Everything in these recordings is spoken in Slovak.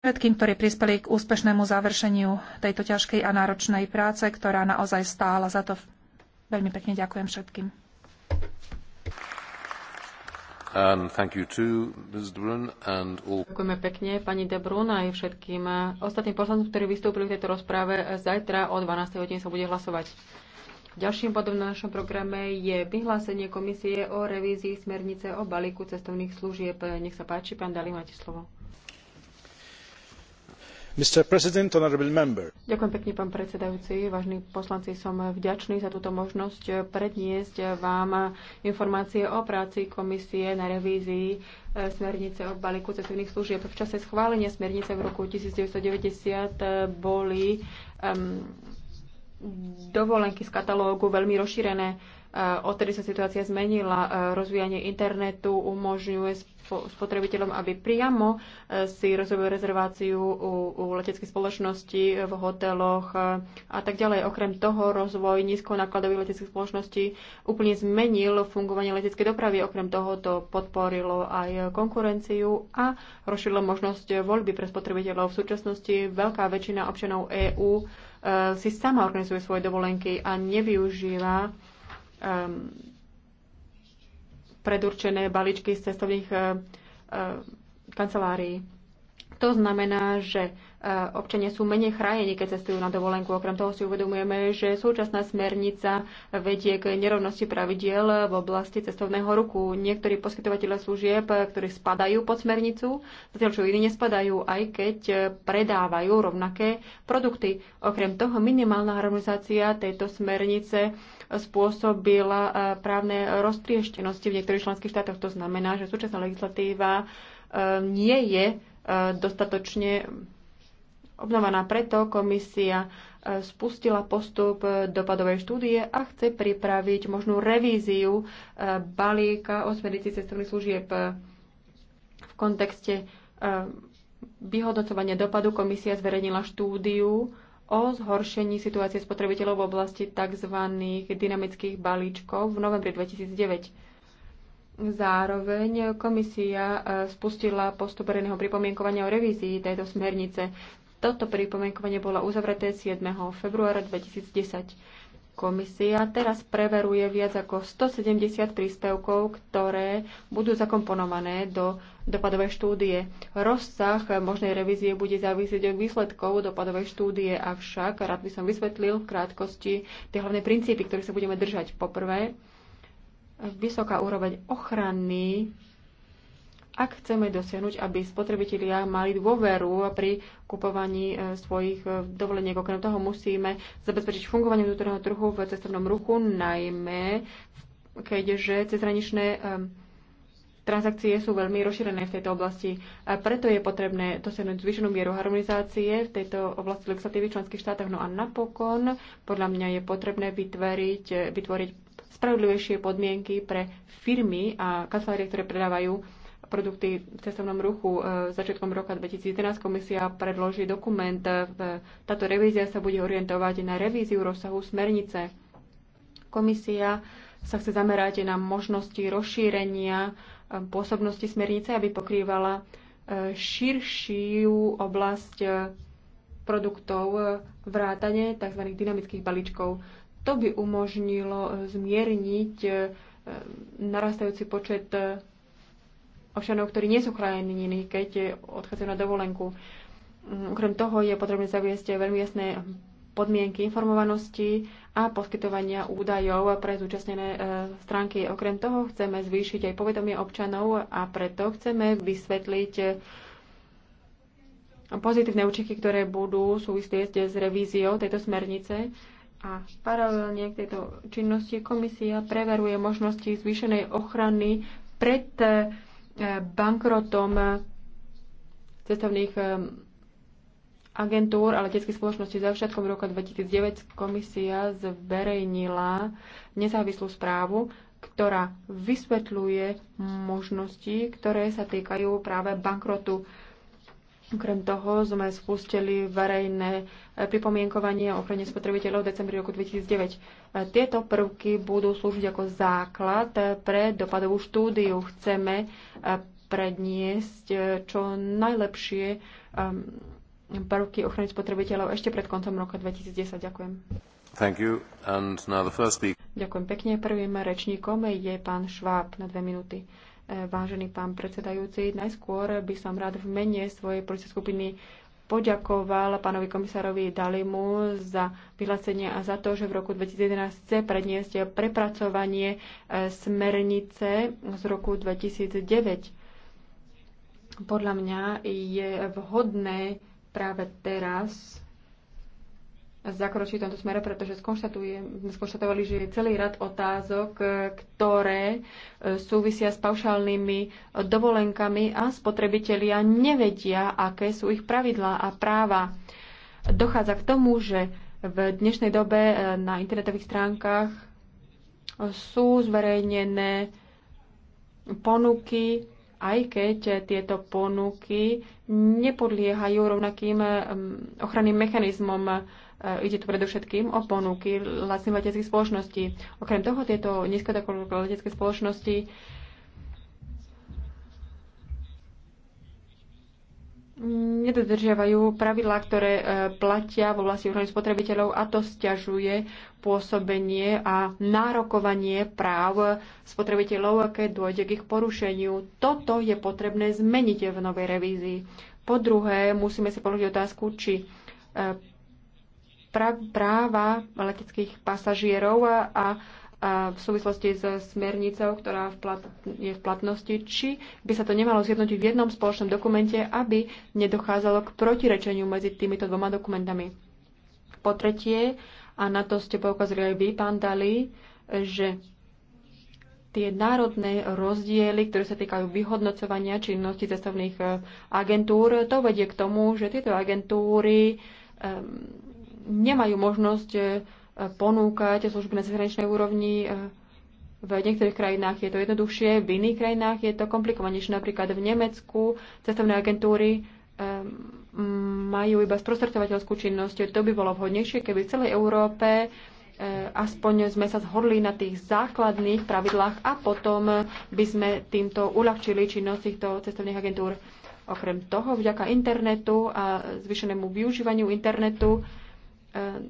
všetkým, ktorí prispeli k úspešnému završeniu tejto ťažkej a náročnej práce, ktorá naozaj stála za to. Veľmi pekne ďakujem všetkým. too, all... Ďakujeme pekne pani De Brun aj všetkým ostatným poslancom, ktorí vystúpili v tejto rozprave. Zajtra o 12. hodine sa bude hlasovať. Ďalším bodom na našom programe je vyhlásenie komisie o revízii smernice o balíku cestovných služieb. Nech sa páči, pán Dali, máte slovo. Ďakujem pekne, pán predsedajúci. Vážni poslanci, som vďačný za túto možnosť predniesť vám informácie o práci komisie na revízii e, smernice o balíku cestovných služieb. V čase schválenia smernice v roku 1990 boli um, dovolenky z katalógu veľmi rozšírené. E, odtedy sa situácia zmenila. E, rozvíjanie internetu umožňuje spotrebiteľom, aby priamo e, si rozhodujú rezerváciu u, u leteckej spoločnosti, v hoteloch a tak ďalej. Okrem toho rozvoj nízkonákladových leteckých spoločností úplne zmenil fungovanie leteckej dopravy. Okrem toho to podporilo aj konkurenciu a rozšírilo možnosť voľby pre spotrebiteľov. V súčasnosti veľká väčšina občanov EÚ Eh, si sama organizuje svoje dovolenky a nevyužíva ehm, predurčené balíčky z cestovných eh, eh, kancelárií. To znamená, že občania sú menej chránení, keď cestujú na dovolenku. Okrem toho si uvedomujeme, že súčasná smernica vedie k nerovnosti pravidiel v oblasti cestovného ruku. Niektorí poskytovateľe služieb, ktorí spadajú pod smernicu, zatiaľ čo iní nespadajú, aj keď predávajú rovnaké produkty. Okrem toho minimálna harmonizácia tejto smernice spôsobila eh, právne roztrieštenosti v niektorých členských štátoch. To znamená, že súčasná legislatíva eh, nie je eh, dostatočne obnovená. Preto komisia e, spustila postup e, dopadovej štúdie a chce pripraviť možnú revíziu e, balíka o smernici cestovných služieb v kontexte vyhodnocovania dopadu. Komisia zverejnila štúdiu o zhoršení situácie spotrebiteľov v oblasti tzv. dynamických balíčkov v novembri 2009. Zároveň komisia spustila postup verejného pripomienkovania o revízii tejto smernice. Toto pripomienkovanie bolo uzavreté 7. februára 2010. Komisia teraz preveruje viac ako 170 príspevkov, ktoré budú zakomponované do dopadovej štúdie. Rozsah možnej revízie bude závisieť od výsledkov dopadovej štúdie, avšak rád by som vysvetlil v krátkosti tie hlavné princípy, ktoré sa budeme držať. Poprvé, vysoká úroveň ochrany ak chceme dosiahnuť, aby spotrebitelia mali dôveru pri kupovaní e, svojich e, dovoleniek, okrem toho musíme zabezpečiť fungovanie vnútorného trhu v cestovnom ruchu, najmä keďže cezhraničné e, transakcie sú veľmi rozšírené v tejto oblasti. A preto je potrebné dosiahnuť zvýšenú mieru harmonizácie v tejto oblasti legislatívy v členských štátoch. No a napokon, podľa mňa je potrebné vytvoriť, vytvoriť spravodlivejšie podmienky pre firmy a kancelárie, ktoré predávajú produkty v cestovnom ruchu. E, začiatkom roka 2011 komisia predloží dokument. E, táto revízia sa bude orientovať na revíziu rozsahu smernice. Komisia sa chce zamerať na možnosti rozšírenia e, pôsobnosti smernice, aby pokrývala širšiu oblasť produktov vrátane tzv. dynamických balíčkov. To by umožnilo zmierniť narastajúci počet občanov, ktorí nie sú chránení, keď odchádzajú na dovolenku. Mm, okrem toho je potrebné zaviesť veľmi jasné podmienky informovanosti a poskytovania údajov pre zúčastnené e, stránky. Okrem toho chceme zvýšiť aj povedomie občanov a preto chceme vysvetliť e, pozitívne účinky, ktoré budú súvisieť s revíziou tejto smernice. A paralelne k tejto činnosti komisia preveruje možnosti zvýšenej ochrany pred bankrotom cestovných ehm, agentúr a leteckých spoločností za všetkom roku 2009 komisia zverejnila nezávislú správu, ktorá vysvetľuje možnosti, ktoré sa týkajú práve bankrotu Okrem toho sme spustili verejné eh, pripomienkovanie o ochrane spotrebiteľov v decembri roku 2009. Eh, tieto prvky budú slúžiť ako základ eh, pre dopadovú štúdiu. Chceme predniesť čo najlepšie ehm, prvky ochrany spotrebiteľov ešte pred koncom roka 2010. Ďakujem. Thank you. And now the first speaker. Ďakujem pekne. Prvým rečníkom je pán Šváb na dve minúty. Vážený pán predsedajúci, najskôr by som rád v mene svojej politickej skupiny poďakoval pánovi komisárovi Dalimu za vyhlásenie a za to, že v roku 2011 chce predniesť prepracovanie e, smernice z roku 2009. Podľa mňa je vhodné práve teraz zakročí v tomto smere, pretože sme skonštatovali, že je celý rad otázok, e, ktoré e, súvisia s paušálnymi e, dovolenkami a spotrebitelia nevedia, aké sú ich pravidlá a práva. Dochádza k tomu, že v dnešnej dobe na internetových stránkach sú zverejnené ponuky, aj keď tieto ponuky nepodliehajú rovnakým ochranným mechanizmom E, ide tu predovšetkým o ponuky lacných leteckých spoločností. Okrem toho, tieto nízkodokolové letecké spoločnosti nedodržiavajú pravidlá, ktoré e, platia vo vlasti ochrany spotrebiteľov a to stiažuje pôsobenie a nárokovanie práv spotrebiteľov, keď dôjde k ich porušeniu. Toto je potrebné zmeniť v novej revízii. Po druhé, musíme si položiť otázku, či e, práva leteckých pasažierov a, a v súvislosti s smernicou, ktorá v plat, je v platnosti, či by sa to nemalo zjednotiť v jednom spoločnom dokumente, aby nedochádzalo k protirečeniu medzi týmito dvoma dokumentami. Po tretie, a na to ste poukazili aj vy, pán Dali, že tie národné rozdiely, ktoré sa týkajú vyhodnocovania činnosti cestovných eh, agentúr, to vedie k tomu, že tieto agentúry um, nemajú možnosť e, ponúkať služby na zahraničnej úrovni. E, v niektorých krajinách je to jednoduchšie, v iných krajinách je to komplikovanejšie. Napríklad v Nemecku cestovné agentúry e, majú iba sprostredovateľskú činnosť. To by bolo vhodnejšie, keby v celej Európe aspoň sme sa zhodli na tých základných pravidlách a potom by sme týmto uľahčili činnosť týchto cestovných agentúr. Okrem toho, vďaka internetu a zvyšenému využívaniu internetu, E,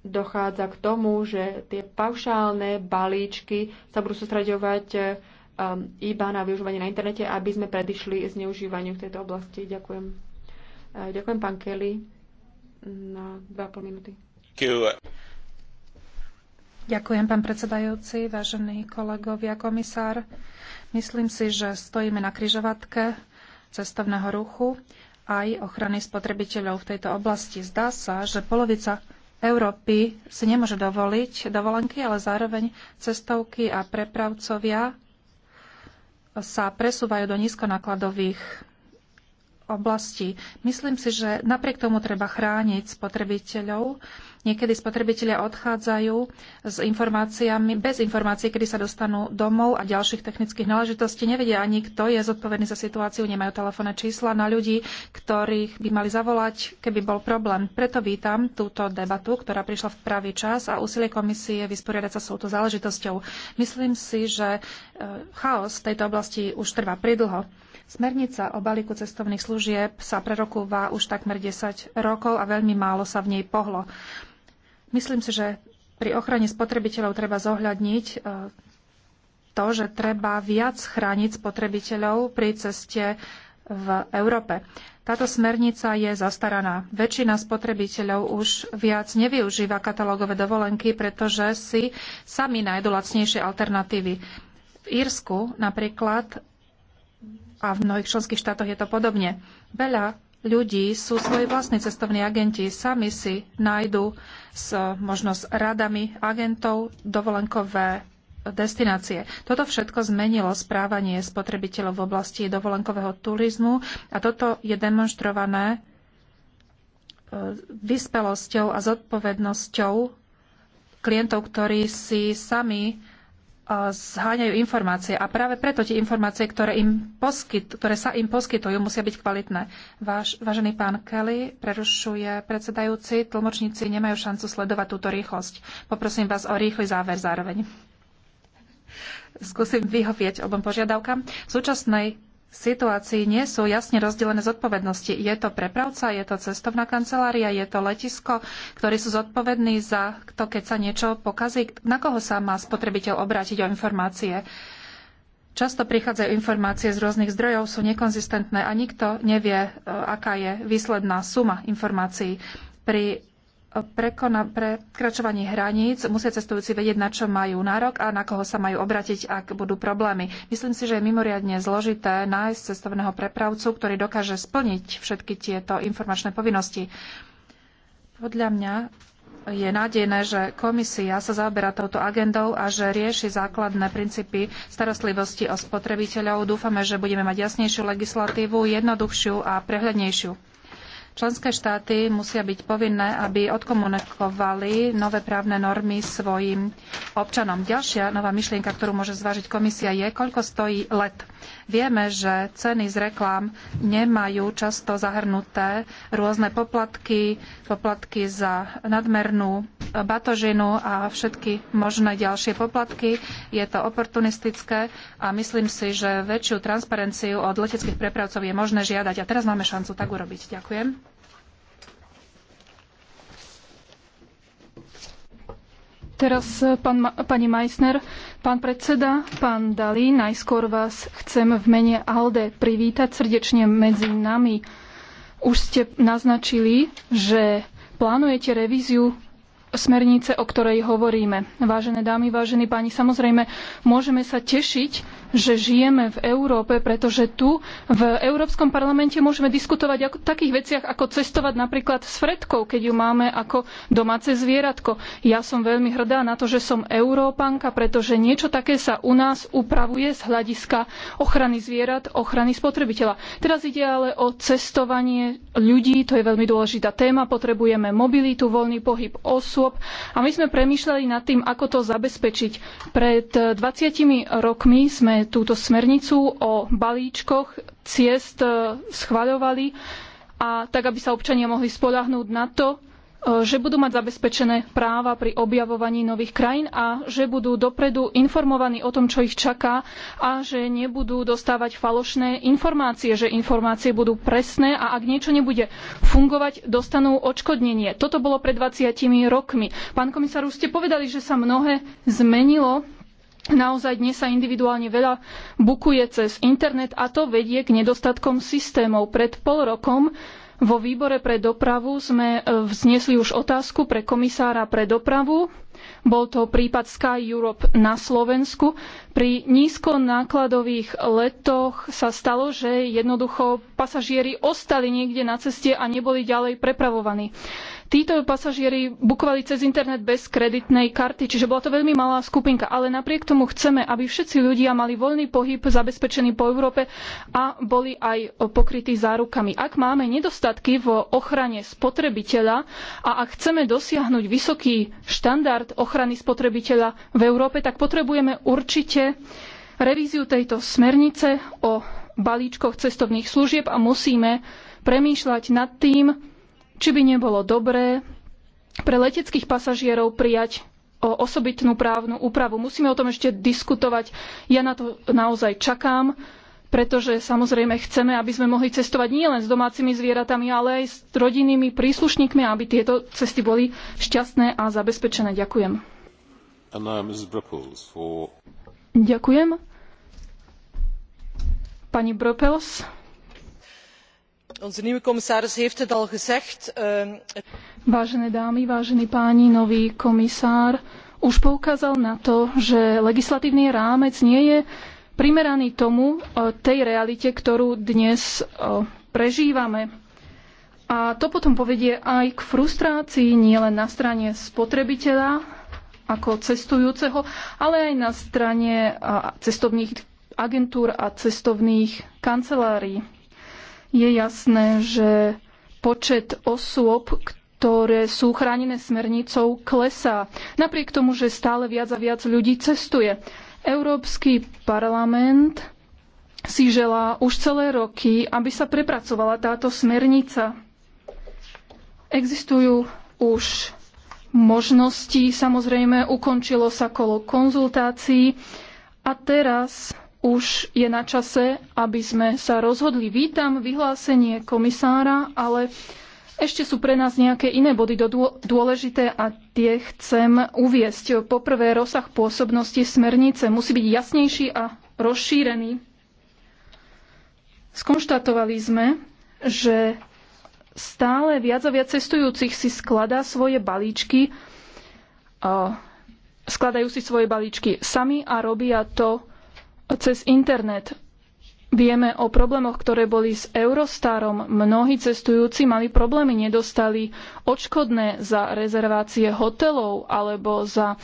dochádza k tomu, že tie paušálne balíčky sa budú sústraďovať e, e, iba na využívanie na internete, aby sme predišli zneužívaniu v tejto oblasti. Ďakujem. Ďakujem, pán Kelly, na 2,5 minúty. Ďakujem, pán predsedajúci, vážení kolegovia, komisár. Myslím si, že stojíme na kryžovatke cestovného ruchu aj ochrany spotrebiteľov v tejto oblasti. Zdá sa, že polovica Európy si nemôže dovoliť dovolenky, ale zároveň cestovky a prepravcovia sa presúvajú do nízkonákladových oblastí. Myslím si, že napriek tomu treba chrániť spotrebiteľov Niekedy spotrebitelia odchádzajú s informáciami, bez informácií, kedy sa dostanú domov a ďalších technických náležitostí. Nevedia ani, kto je zodpovedný za situáciu, nemajú telefónne čísla na ľudí, ktorých by mali zavolať, keby bol problém. Preto vítam túto debatu, ktorá prišla v pravý čas a úsilie komisie vysporiadať sa s touto záležitosťou. Myslím si, že e, chaos v tejto oblasti už trvá pridlho. Smernica o balíku cestovných služieb sa prerokúva už takmer 10 rokov a veľmi málo sa v nej pohlo. Myslím si, že pri ochrane spotrebiteľov treba zohľadniť e, to, že treba viac chrániť spotrebiteľov pri ceste v Európe. Táto smernica je zastaraná. Väčšina spotrebiteľov už viac nevyužíva katalógové dovolenky, pretože si sami nájdu lacnejšie alternatívy. V Írsku napríklad a v mnohých členských štátoch je to podobne. Veľa ľudí sú svoji vlastní cestovní agenti. Sami si nájdu s, možno s radami agentov dovolenkové destinácie. Toto všetko zmenilo správanie spotrebiteľov v oblasti dovolenkového turizmu a toto je demonstrované e, vyspelosťou a zodpovednosťou klientov, ktorí si sami zháňajú informácie a práve preto tie informácie, ktoré, im poskyt, ktoré sa im poskytujú, musia byť kvalitné. Váš, vážený pán Kelly, prerušuje predsedajúci, tlmočníci nemajú šancu sledovať túto rýchlosť. Poprosím vás o rýchly záver zároveň. Skúsim vyhovieť obom požiadavkám. V súčasnej situácii nie sú jasne rozdelené zodpovednosti. Je to prepravca, je to cestovná kancelária, je to letisko, ktorí sú zodpovední za to, keď sa niečo pokazí. Na koho sa má spotrebiteľ obrátiť o informácie? Často prichádzajú informácie z rôznych zdrojov, sú nekonzistentné a nikto nevie, e, aká je výsledná suma informácií. Pri prekona, prekračovaní hraníc musia cestujúci vedieť, na čo majú nárok a na koho sa majú obratiť, ak budú problémy. Myslím si, že je mimoriadne zložité nájsť cestovného prepravcu, ktorý dokáže splniť všetky tieto informačné povinnosti. Podľa mňa je nádejné, že komisia sa zaoberá touto agendou a že rieši základné princípy starostlivosti o spotrebiteľov. Dúfame, že budeme mať jasnejšiu legislatívu, jednoduchšiu a prehľadnejšiu. Členské štáty musia byť povinné, aby odkomunikovali nové právne normy svojim občanom. Ďalšia nová myšlienka, ktorú môže zvážiť komisia, je, koľko stojí let. Vieme, že ceny z reklám nemajú často zahrnuté rôzne poplatky, poplatky za nadmernú batožinu a všetky možné ďalšie poplatky. Je to oportunistické a myslím si, že väčšiu transparenciu od leteckých prepravcov je možné žiadať. A teraz máme šancu tak urobiť. Ďakujem. Teraz eh, pán, pani Meissner. Pán predseda, pán Dali, najskôr vás chcem v mene ALDE privítať srdečne medzi nami. Už ste naznačili, že plánujete revíziu smernice, o ktorej hovoríme. Vážené dámy, vážení páni, samozrejme môžeme sa tešiť, že žijeme v Európe, pretože tu v Európskom parlamente môžeme diskutovať o takých veciach, ako cestovať napríklad s fredkou, keď ju máme ako domáce zvieratko. Ja som veľmi hrdá na to, že som Európanka, pretože niečo také sa u nás upravuje z hľadiska ochrany zvierat, ochrany spotrebiteľa. Teraz ide ale o cestovanie ľudí, to je veľmi dôležitá téma, potrebujeme mobilitu, voľný pohyb osu, osôb. A my sme premýšľali nad tým, ako to zabezpečiť. Pred 20 eh, rokmi sme túto smernicu o balíčkoch ciest eh, schvaľovali a tak, aby sa občania mohli spolahnúť na to, E, že budú mať zabezpečené práva pri objavovaní nových krajín a že budú dopredu informovaní o tom, čo ich čaká a že nebudú dostávať falošné informácie, že informácie budú presné a ak niečo nebude fungovať, dostanú odškodnenie. Toto bolo pred 20 rokmi. Pán komisár, už ste povedali, že sa mnohé zmenilo. Naozaj dnes sa individuálne veľa bukuje cez internet a to vedie k nedostatkom systémov. Pred pol rokom vo výbore pre dopravu sme e, vznesli už otázku pre komisára pre dopravu. Bol to prípad Sky Europe na Slovensku. Pri nízkonákladových letoch sa stalo, že jednoducho pasažieri ostali niekde na ceste a neboli ďalej prepravovaní. Títo pasažieri bukovali cez internet bez kreditnej karty, čiže bola to veľmi malá skupinka, ale napriek tomu chceme, aby všetci ľudia mali voľný pohyb zabezpečený po Európe a boli aj pokrytí zárukami. Ak máme nedostatky v ochrane spotrebiteľa a ak chceme dosiahnuť vysoký štandard ochrany spotrebiteľa v Európe, tak potrebujeme určite revíziu tejto smernice o balíčkoch cestovných služieb a musíme premýšľať nad tým, či by nebolo dobré pre leteckých pasažierov prijať o osobitnú právnu úpravu. Musíme o tom ešte diskutovať. Ja na to naozaj čakám, pretože samozrejme chceme, aby sme mohli cestovať nielen s domácimi zvieratami, ale aj s rodinnými príslušníkmi, aby tieto cesty boli šťastné a zabezpečené. Ďakujem. Ďakujem. Pani Bropels onze nieuwe commissaris heeft het al gezegd. Ehm, Vážené dámy, vážení páni, nový komisár už poukázal na to, že legislatívny rámec nie je primeraný tomu, e, tej realite, ktorú dnes e, prežívame. A to potom povedie aj k frustrácii nielen na strane spotrebiteľa ako cestujúceho, ale aj na strane cestovných agentúr a cestovných kancelárií. Je jasné, že počet osôb, ktoré sú chránené smernicou, klesá. Napriek tomu, že stále viac a viac ľudí cestuje. Európsky parlament si želá už celé roky, aby sa prepracovala táto smernica. Existujú už možnosti, samozrejme ukončilo sa kolo konzultácií a teraz už je na čase, aby sme sa rozhodli. Vítam vyhlásenie komisára, ale ešte sú pre nás nejaké iné body dôležité a tie chcem uviesť. Poprvé, rozsah pôsobnosti smernice musí byť jasnejší a rozšírený. Skonštatovali sme, že stále viac a viac cestujúcich si skladá svoje balíčky, skladajú si svoje balíčky sami a robia to cez internet. Vieme o problémoch, ktoré boli s Eurostarom. Mnohí cestujúci mali problémy, nedostali odškodné za rezervácie hotelov alebo za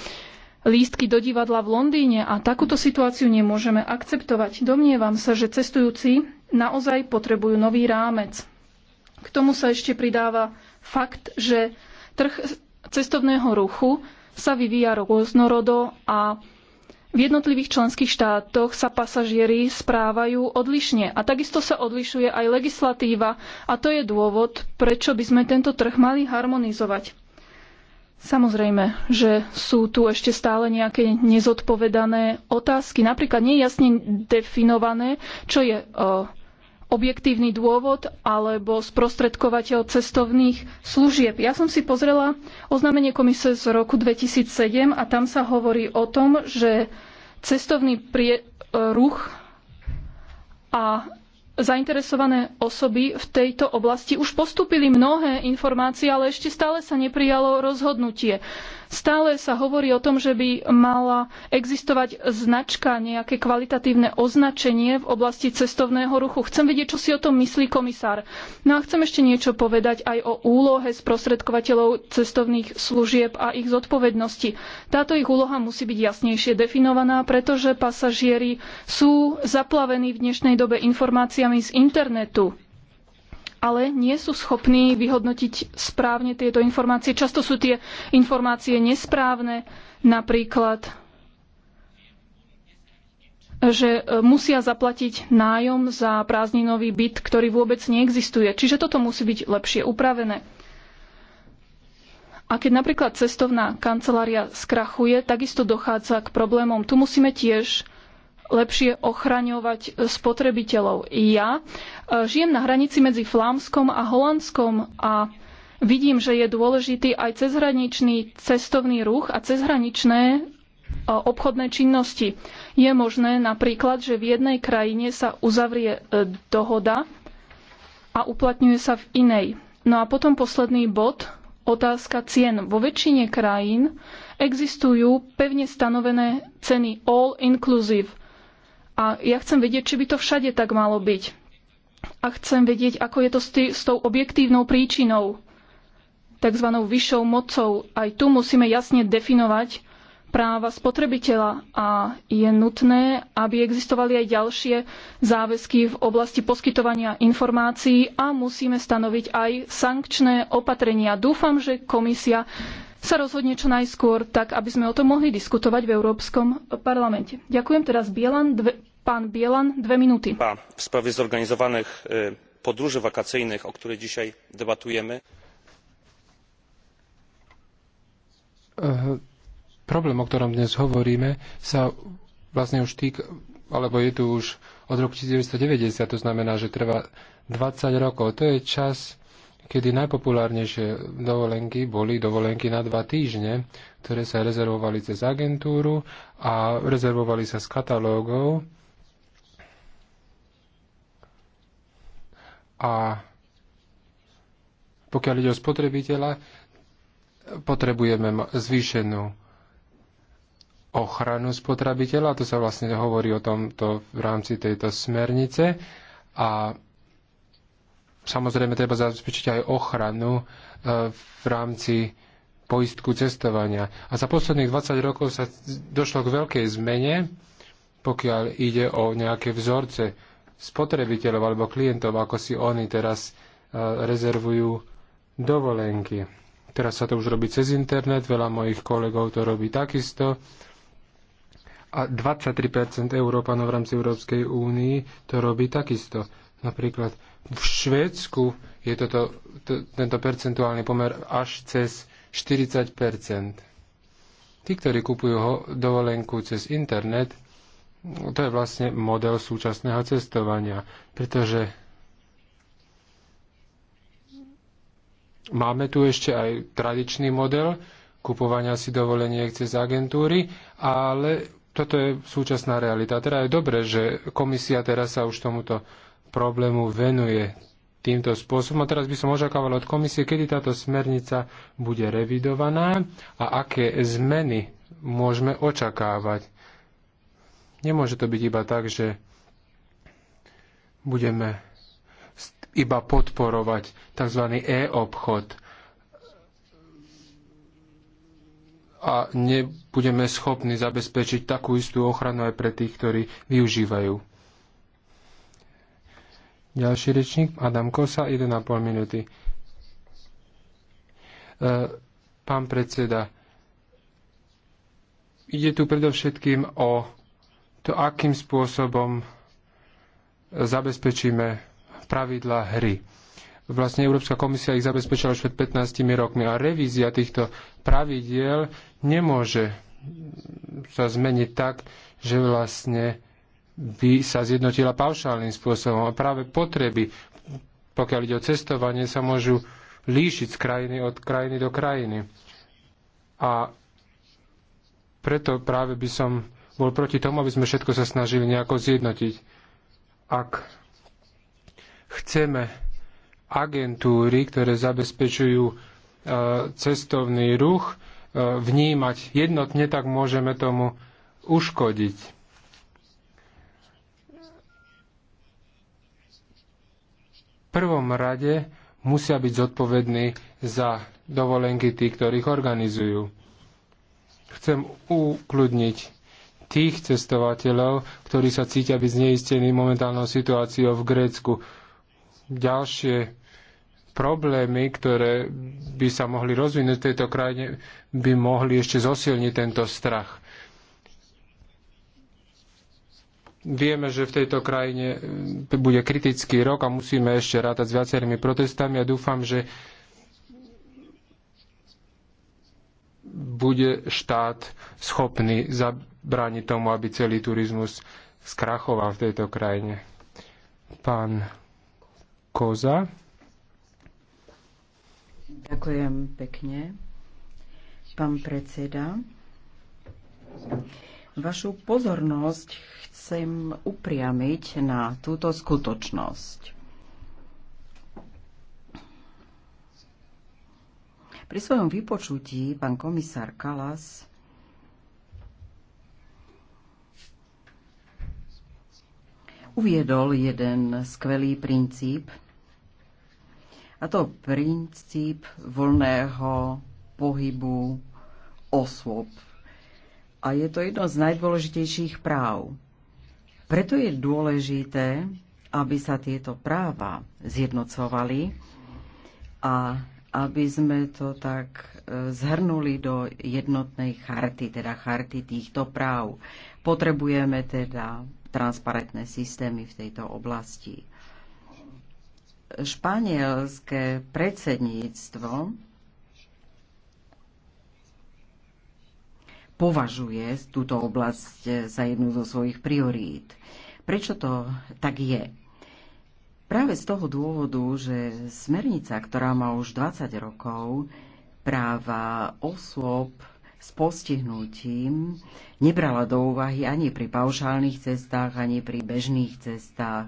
lístky do divadla v Londýne a takúto situáciu nemôžeme akceptovať. Domnievam sa, že cestujúci naozaj potrebujú nový rámec. K tomu sa ešte pridáva fakt, že trh cestovného ruchu sa vyvíja rôznorodo a v jednotlivých členských štátoch sa pasažieri správajú odlišne a takisto sa odlišuje aj legislatíva a to je dôvod, prečo by sme tento trh mali harmonizovať. Samozrejme, že sú tu ešte stále nejaké nezodpovedané otázky. Napríklad nie je jasne definované, čo je objektívny dôvod alebo sprostredkovateľ cestovných služieb. Ja som si pozrela oznámenie komise z roku 2007 a tam sa hovorí o tom, že cestovný prie, e, ruch a zainteresované osoby v tejto oblasti už postúpili mnohé informácie, ale ešte stále sa neprijalo rozhodnutie. Stále sa hovorí o tom, že by mala existovať značka, nejaké kvalitatívne označenie v oblasti cestovného ruchu. Chcem vedieť, čo si o tom myslí komisár. No a chcem ešte niečo povedať aj o úlohe sprostredkovateľov cestovných služieb a ich zodpovednosti. Táto ich úloha musí byť jasnejšie definovaná, pretože pasažieri sú zaplavení v dnešnej dobe informáciami z internetu ale nie sú schopní vyhodnotiť správne tieto informácie. Často sú tie informácie nesprávne, napríklad že e, musia zaplatiť nájom za prázdninový byt, ktorý vôbec neexistuje. Čiže toto musí byť lepšie upravené. A keď napríklad cestovná kancelária skrachuje, takisto dochádza k problémom. Tu musíme tiež lepšie ochraňovať e, spotrebiteľov. Ja e, žijem na hranici medzi Flámskom a Holandskom a vidím, že je dôležitý aj cezhraničný cestovný ruch a cezhraničné e, obchodné činnosti. Je možné napríklad, že v jednej krajine sa uzavrie dohoda a uplatňuje sa v inej. No a potom posledný bod, otázka cien. Vo väčšine krajín existujú pevne stanovené ceny all inclusive – a ja chcem vedieť, či by to všade tak malo byť. A chcem vedieť, ako je to s, tý, s tou objektívnou príčinou, tzv. vyššou mocou. Aj tu musíme jasne definovať práva spotrebiteľa a je nutné, aby existovali aj ďalšie záväzky v oblasti poskytovania informácií a musíme stanoviť aj sankčné opatrenia. Dúfam, že komisia sa rozhodne čo najskôr, tak aby sme o tom mohli diskutovať v Európskom parlamente. Ďakujem teraz Bielan, dve, pán Bielan, dve minúty. V sprawie zorganizowanych e, podróży wakacyjnych, o której dzisiaj debatujemy. Uh, e, problém, o ktorom dnes hovoríme, sa vlastne už týk, alebo je tu už od roku 1990, to znamená, že trvá 20 rokov. To je čas, kedy najpopulárnejšie dovolenky boli dovolenky na dva týždne, ktoré sa rezervovali cez agentúru a rezervovali sa z katalógov. A pokiaľ ide o spotrebiteľa, potrebujeme zvýšenú ochranu spotrebiteľa, to sa vlastne hovorí o tomto v rámci tejto smernice a Samozrejme, treba zabezpečiť aj ochranu e, v rámci poistku cestovania. A za posledných 20 rokov sa došlo k veľkej zmene, pokiaľ ide o nejaké vzorce spotrebiteľov alebo klientov, ako si oni teraz e, rezervujú dovolenky. Teraz sa to už robí cez internet, veľa mojich kolegov to robí takisto. A 23% Európanov v rámci Európskej únii to robí takisto. Napríklad v Švédsku je toto, to, tento percentuálny pomer až cez 40 Tí, ktorí kupujú ho, dovolenku cez internet, to je vlastne model súčasného cestovania, pretože máme tu ešte aj tradičný model kupovania si dovoleniek cez agentúry, ale toto je súčasná realita. Teda je dobré, že komisia teraz sa už tomuto problému venuje týmto spôsobom. A teraz by som očakával od komisie, kedy táto smernica bude revidovaná a aké zmeny môžeme očakávať. Nemôže to byť iba tak, že budeme iba podporovať tzv. e-obchod a nebudeme schopní zabezpečiť takú istú ochranu aj pre tých, ktorí využívajú ďalší rečník, Adam Kosa, 1,5 minúty. E, pán predseda, ide tu predovšetkým o to, akým spôsobom zabezpečíme pravidla hry. Vlastne Európska komisia ich zabezpečila už pred 15 rokmi a revízia týchto pravidiel nemôže sa zmeniť tak, že vlastne by sa zjednotila paušálnym spôsobom. A práve potreby, pokiaľ ide o cestovanie, sa môžu líšiť z krajiny od krajiny do krajiny. A preto práve by som bol proti tomu, aby sme všetko sa snažili nejako zjednotiť. Ak chceme agentúry, ktoré zabezpečujú e, cestovný ruch, e, vnímať jednotne, tak môžeme tomu uškodiť prvom rade musia byť zodpovední za dovolenky tých, ktorých organizujú. Chcem ukludniť tých cestovateľov, ktorí sa cítia byť zneistení momentálnou situáciou v Grécku. Ďalšie problémy, ktoré by sa mohli rozvinúť v tejto krajine, by mohli ešte zosilniť tento strach. Vieme, že v tejto krajine eh, bude kritický rok a musíme ešte rátať s viacerými protestami a dúfam, že bude štát schopný zabrániť tomu, aby celý turizmus skrachoval v tejto krajine. Pán Koza. Ďakujem pekne. Pán predseda. Vašu pozornosť chcem upriamiť na túto skutočnosť. Pri svojom vypočutí pán komisár Kalas uviedol jeden skvelý princíp, a to princíp voľného pohybu osôb a je to jedno z najdôležitejších práv. Preto je dôležité, aby sa tieto práva zjednocovali a aby sme to tak e, zhrnuli do jednotnej charty, teda charty týchto práv. Potrebujeme teda transparentné systémy v tejto oblasti. Španielské predsedníctvo považuje túto oblasť eh, za jednu zo svojich priorít. Prečo to tak je? Práve z toho dôvodu, že smernica, ktorá má už 20 rokov, práva osôb s postihnutím nebrala do úvahy ani pri paušálnych cestách, ani pri bežných cestách.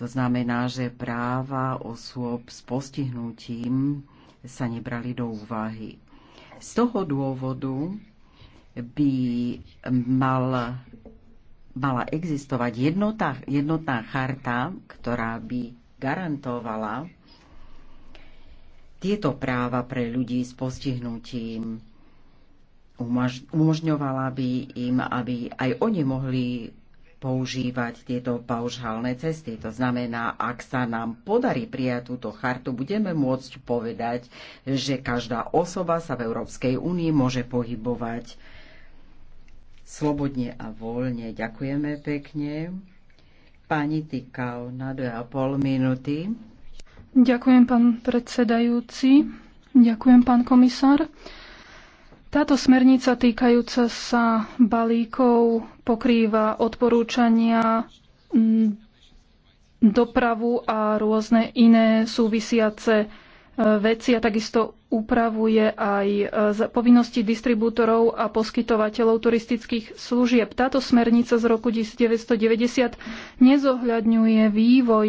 To znamená, že práva osôb s postihnutím sa nebrali do úvahy. Z toho dôvodu by mal, mala existovať jednota, jednotná charta, ktorá by garantovala tieto práva pre ľudí s postihnutím umožňovala by im, aby aj oni mohli používať tieto paušálne cesty. To znamená, ak sa nám podarí prijať túto chartu, budeme môcť povedať, že každá osoba sa v Európskej únii môže pohybovať slobodne a voľne. Ďakujeme pekne. Pani Tykal, na 2,5 minúty. Ďakujem, pán predsedajúci. Ďakujem, pán komisár. Táto smernica týkajúca sa balíkov pokrýva odporúčania dopravu a rôzne iné súvisiace veci a takisto upravuje aj e, povinnosti distribútorov a poskytovateľov turistických služieb. Táto smernica z roku 1990 nezohľadňuje vývoj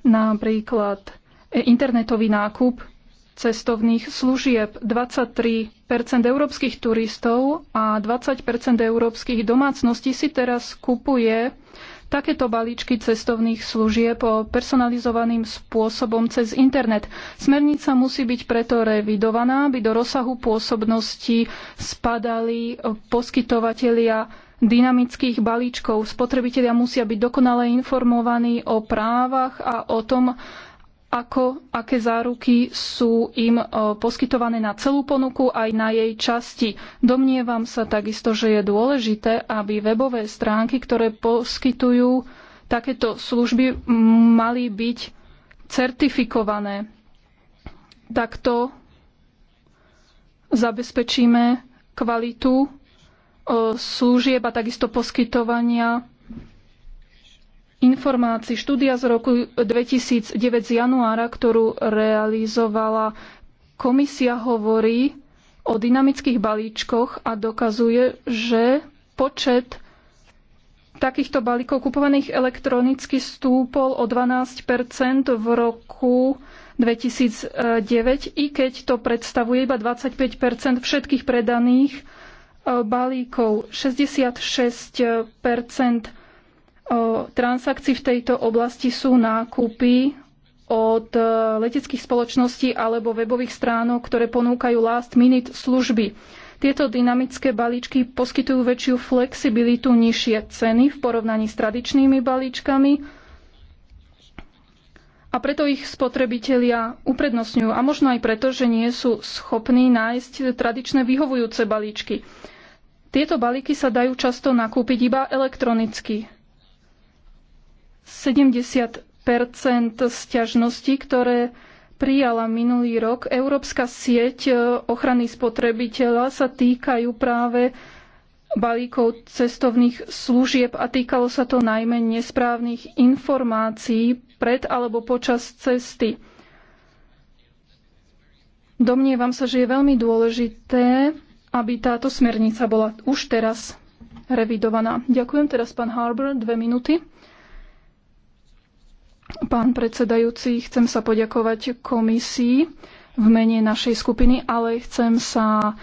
napríklad e, internetový nákup cestovných služieb. 23 európskych turistov a 20 európskych domácností si teraz kupuje takéto balíčky cestovných služieb personalizovaným spôsobom cez internet. Smernica musí byť preto revidovaná, aby do rozsahu pôsobnosti spadali poskytovatelia dynamických balíčkov. Spotrebitelia musia byť dokonale informovaní o právach a o tom, ako, aké záruky sú im e, poskytované na celú ponuku aj na jej časti. Domnievam sa takisto, že je dôležité, aby webové stránky, ktoré poskytujú takéto služby, mali byť certifikované. Takto zabezpečíme kvalitu e, služieb a takisto poskytovania informácií. Štúdia z roku 2009 z januára, ktorú realizovala komisia, hovorí o dynamických balíčkoch a dokazuje, že počet takýchto balíkov kupovaných elektronicky stúpol o 12 v roku 2009, i keď to predstavuje iba 25 všetkých predaných e, balíkov. 66 transakcií v tejto oblasti sú nákupy od e, leteckých spoločností alebo webových stránok, ktoré ponúkajú last-minute služby. Tieto dynamické balíčky poskytujú väčšiu flexibilitu, nižšie ceny v porovnaní s tradičnými balíčkami a preto ich spotrebitelia uprednostňujú. A možno aj preto, že nie sú schopní nájsť tradičné vyhovujúce balíčky. Tieto balíky sa dajú často nakúpiť iba elektronicky. 70 sťažností, ktoré prijala minulý rok Európska sieť e, ochrany spotrebiteľa sa týkajú práve balíkov cestovných služieb a týkalo sa to najmä nesprávnych informácií pred alebo počas cesty. Domnievam sa, že je veľmi dôležité, aby táto smernica bola už teraz revidovaná. Ďakujem teraz pán Harbour, dve minúty. Pán predsedajúci, chcem sa poďakovať komisii v mene našej skupiny, ale chcem sa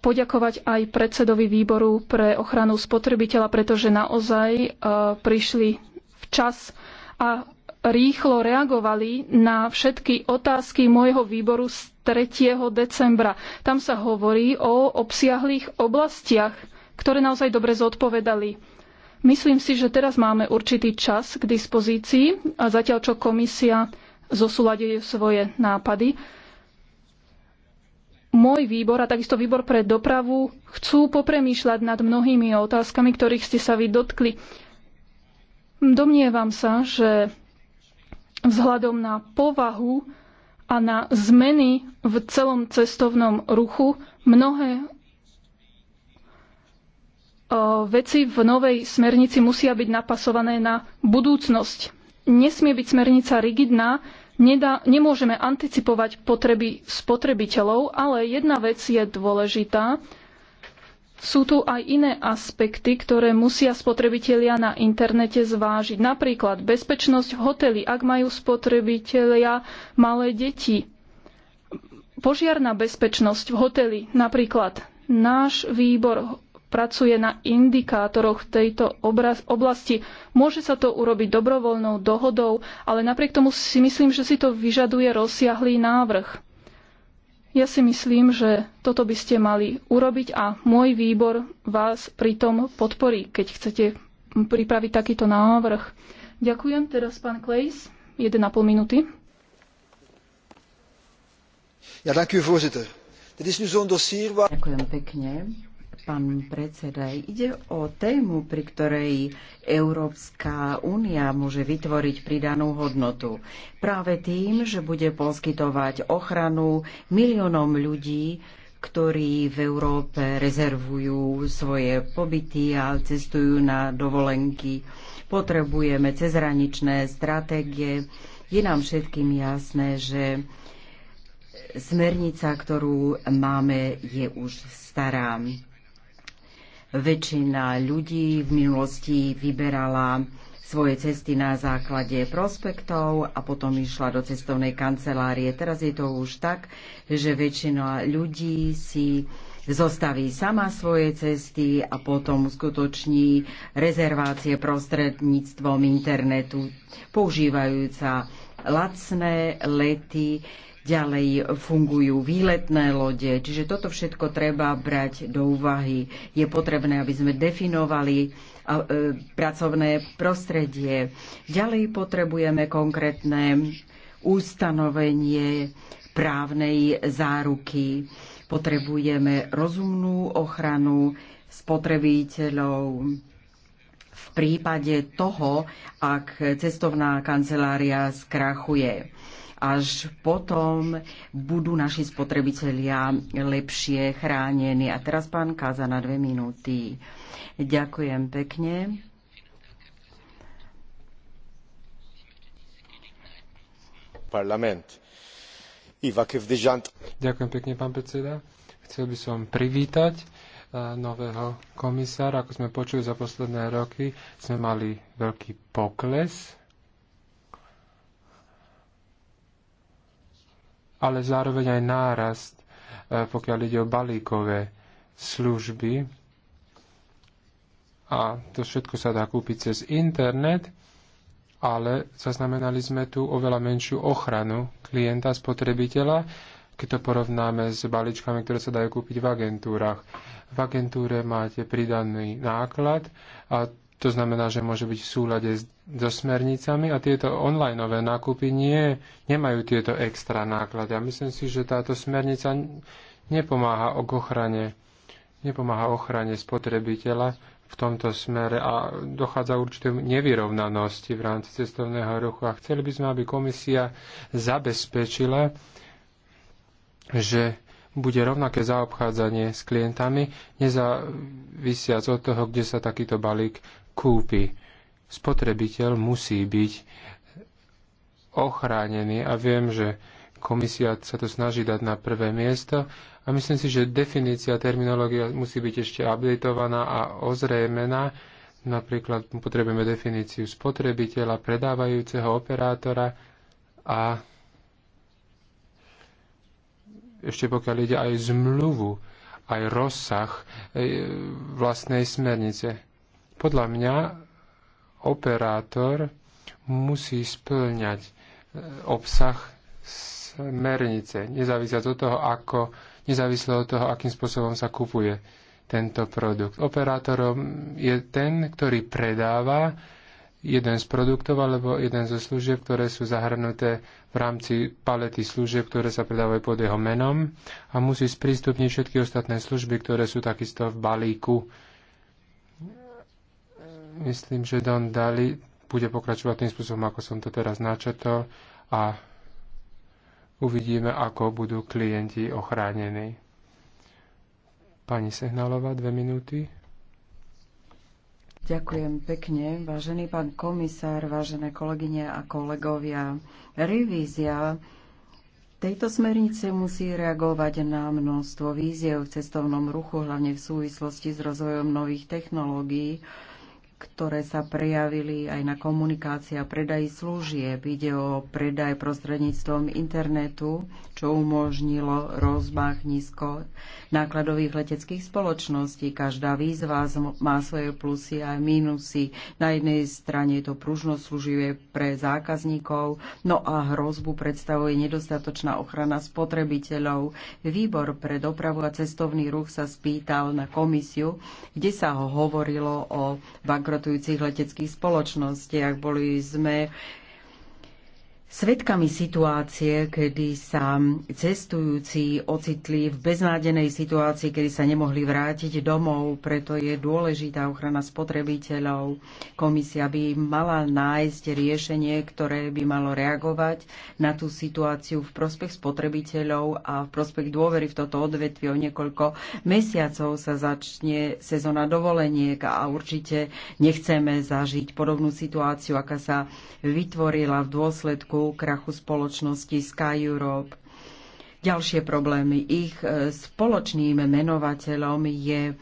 poďakovať aj predsedovi výboru pre ochranu spotrebiteľa, pretože naozaj e, prišli včas a rýchlo reagovali na všetky otázky môjho výboru z 3. decembra. Tam sa hovorí o obsiahlých oblastiach, ktoré naozaj dobre zodpovedali Myslím si, že teraz máme určitý čas k dispozícii, zatiaľ čo komisia zosúladuje svoje nápady. Môj výbor a takisto výbor pre dopravu chcú popremýšľať nad mnohými otázkami, ktorých ste sa vy dotkli. Domnievam sa, že vzhľadom na povahu a na zmeny v celom cestovnom ruchu mnohé veci v novej smernici musia byť napasované na budúcnosť. Nesmie byť smernica rigidná, nedá, nemôžeme anticipovať potreby spotrebiteľov, ale jedna vec je dôležitá. Sú tu aj iné aspekty, ktoré musia spotrebitelia na internete zvážiť. Napríklad bezpečnosť hotely, ak majú spotrebitelia malé deti. Požiarna bezpečnosť v hoteli napríklad. Náš výbor pracuje na indikátoroch tejto oblasti. Môže sa to urobiť dobrovoľnou dohodou, ale napriek tomu si myslím, že si to vyžaduje rozsiahlý návrh. Ja si myslím, že toto by ste mali urobiť a môj výbor vás pritom podporí, keď chcete pripraviť takýto návrh. Ďakujem teraz pán Klejs, 1,5 minúty. Ja, dank voorzitter. Dit is nu zo'n dossier waar... Ďakujem pekne pán predseda. Ide o tému, pri ktorej Európska únia môže vytvoriť pridanú hodnotu. Práve tým, že bude poskytovať ochranu miliónom ľudí, ktorí v Európe rezervujú svoje pobyty a cestujú na dovolenky. Potrebujeme cezhraničné stratégie. Je nám všetkým jasné, že smernica, ktorú máme, je už stará. Väčšina ľudí v minulosti vyberala svoje cesty na základe prospektov a potom išla do cestovnej kancelárie. Teraz je to už tak, že väčšina ľudí si zostaví sama svoje cesty a potom uskutoční rezervácie prostredníctvom internetu, používajúca lacné lety, ďalej fungujú výletné lode. Čiže toto všetko treba brať do úvahy. Je potrebné, aby sme definovali e, pracovné prostredie. Ďalej potrebujeme konkrétne ustanovenie právnej záruky. Potrebujeme rozumnú ochranu spotrebiteľov, v prípade toho, ak cestovná kancelária skrachuje až potom budú naši spotrebitelia lepšie chránení. A teraz pán Káza na dve minúty. Ďakujem pekne. Parlament. Ďakujem pekne, pán predseda. Chcel by som privítať eh, nového komisára. Ako sme počuli za posledné roky, sme mali veľký pokles ale zároveň aj nárast, e, pokiaľ ide o balíkové služby. A to všetko sa dá kúpiť cez internet, ale zaznamenali sme tu oveľa menšiu ochranu klienta, spotrebiteľa, keď to porovnáme s balíčkami, ktoré sa dajú kúpiť v agentúrach. V agentúre máte pridaný náklad a to znamená, že môže byť v súlade so smernicami a tieto onlineové nákupy nie, nemajú tieto extra náklady. A myslím si, že táto smernica nepomáha o ochrane, nepomáha ochrane spotrebiteľa v tomto smere a dochádza určité nevyrovnanosti v rámci cestovného ruchu. A chceli by sme, aby komisia zabezpečila, že bude rovnaké zaobchádzanie s klientami, nezávisiac od toho, kde sa takýto balík kúpy. Spotrebiteľ musí byť ochránený a viem, že komisia sa to snaží dať na prvé miesto a myslím si, že definícia terminológia musí byť ešte updatovaná a ozrejmená. Napríklad potrebujeme definíciu spotrebiteľa, predávajúceho operátora a ešte pokiaľ ide aj zmluvu, aj rozsah e, vlastnej smernice. Podľa mňa operátor musí splňať e, obsah smernice, nezávisle od toho, ako, nezávisle od toho, akým spôsobom sa kupuje tento produkt. Operátorom je ten, ktorý predáva jeden z produktov alebo jeden zo služieb, ktoré sú zahrnuté v rámci palety služieb, ktoré sa predávajú pod jeho menom a musí sprístupniť všetky ostatné služby, ktoré sú takisto v balíku Myslím, že Don Daly bude pokračovať tým spôsobom, ako som to teraz načetol a uvidíme, ako budú klienti ochránení. Pani Sehnalová, dve minúty. Ďakujem pekne, vážený pán komisár, vážené kolegyne a kolegovia. Revízia tejto smernice musí reagovať na množstvo víziev v cestovnom ruchu, hlavne v súvislosti s rozvojom nových technológií ktoré sa prejavili aj na komunikácii a predaji služieb. Ide o predaj prostredníctvom internetu, čo umožnilo rozmach nízko nákladových leteckých spoločností. Každá výzva má svoje plusy a mínusy. Na jednej strane je to pružnosť služie pre zákazníkov, no a hrozbu predstavuje nedostatočná ochrana spotrebiteľov. Výbor pre dopravu a cestovný ruch sa spýtal na komisiu, kde sa hovorilo o bagro bankrotujúcich leteckých spoločnostiach. Boli sme Svedkami situácie, kedy sa cestujúci ocitli v beznádenej situácii, kedy sa nemohli vrátiť domov, preto je dôležitá ochrana spotrebiteľov. Komisia by mala nájsť riešenie, ktoré by malo reagovať na tú situáciu v prospech spotrebiteľov a v prospech dôvery v toto odvetvie. O niekoľko mesiacov sa začne sezóna dovoleniek a určite nechceme zažiť podobnú situáciu, aká sa vytvorila v dôsledku krachu spoločnosti Sky Europe. Ďalšie problémy. Ich e, spoločným menovateľom je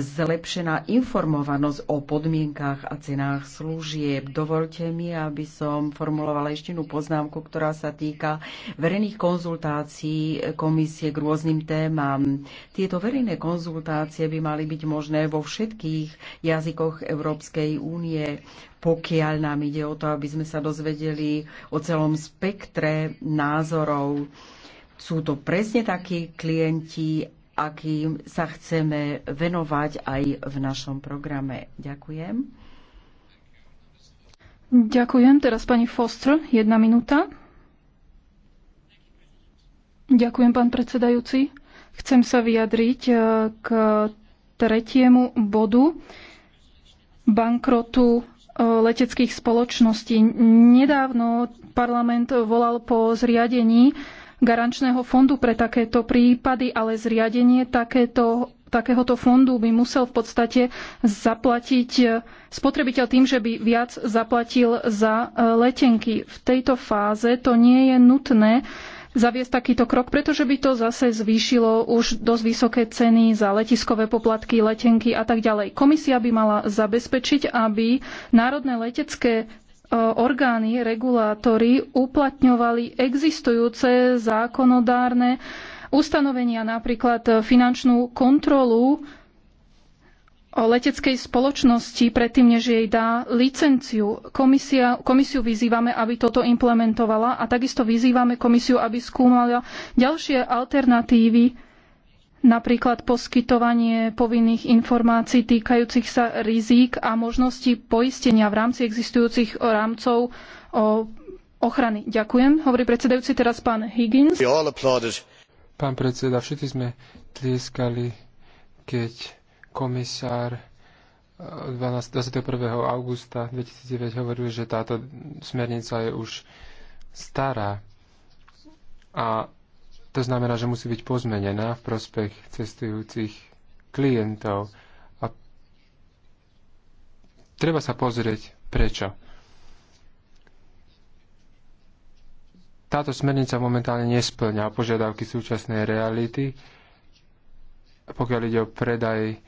zlepšená informovanosť o podmienkach a cenách služieb. Dovolte mi, aby som formulovala ešte jednu poznámku, ktorá sa týka verejných konzultácií komisie k rôznym témam. Tieto verejné konzultácie by mali byť možné vo všetkých jazykoch Európskej únie pokiaľ nám ide o to, aby sme sa dozvedeli o celom spektre názorov. Sú to presne takí klienti, akým sa chceme venovať aj v našom programe. Ďakujem. Ďakujem. Teraz pani Foster, jedna minúta. Ďakujem, pán predsedajúci. Chcem sa vyjadriť e, k tretiemu bodu bankrotu e, leteckých spoločností. Nedávno parlament volal po zriadení garančného fondu pre takéto prípady, ale zriadenie takéto, takéhoto fondu by musel v podstate zaplatiť e, spotrebiteľ tým, že by viac zaplatil za e, letenky. V tejto fáze to nie je nutné zaviesť takýto krok, pretože by to zase zvýšilo už dosť vysoké ceny za letiskové poplatky, letenky a tak ďalej. Komisia by mala zabezpečiť, aby národné letecké orgány, regulátory uplatňovali existujúce zákonodárne ustanovenia, napríklad e, finančnú kontrolu leteckej spoločnosti predtým, než jej dá licenciu. Komisia, komisiu vyzývame, aby toto implementovala a takisto vyzývame komisiu, aby skúmala ďalšie alternatívy napríklad poskytovanie povinných informácií týkajúcich sa rizík a možností poistenia v rámci existujúcich rámcov ochrany. Ďakujem. Hovorí predsedajúci teraz pán Higgins. Pán predseda, všetci sme tlieskali, keď komisár 12, eh, 21. augusta 2009 hovoril, že táto smernica je už stará a to znamená, že musí byť pozmenená v prospech cestujúcich klientov. A treba sa pozrieť, prečo. Táto smernica momentálne nesplňa požiadavky súčasnej reality, pokiaľ ide o predaj